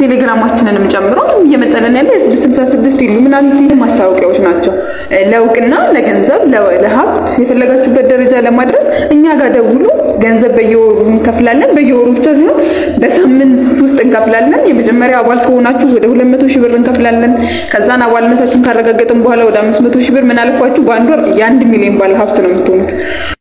ቴሌግራማችንንም ጨምሮ እየመጠለን ያለ ስድስት ስድስት ምናምን ማስታወቂያዎች ናቸው። ለእውቅና፣ ለገንዘብ፣ ለሀብት የፈለጋችሁበት ደረጃ ለማድረስ እኛ ጋር ደውሉ። ገንዘብ በየወሩ እንከፍላለን። በየወሩ ብቻ ሲሆን በሳምንት ውስጥ እንከፍላለን። የመጀመሪያ አባል ከሆናችሁ ወደ ሁለት መቶ ሺህ ብር እንከፍላለን። ከዛን አባልነታችሁን ካረጋገጥን በኋላ ወደ አምስት መቶ ሺህ ብር ምናልፏችሁ በአንድ ወር የአንድ ሚሊዮን ባለ ሀብት ነው የምትሆኑት።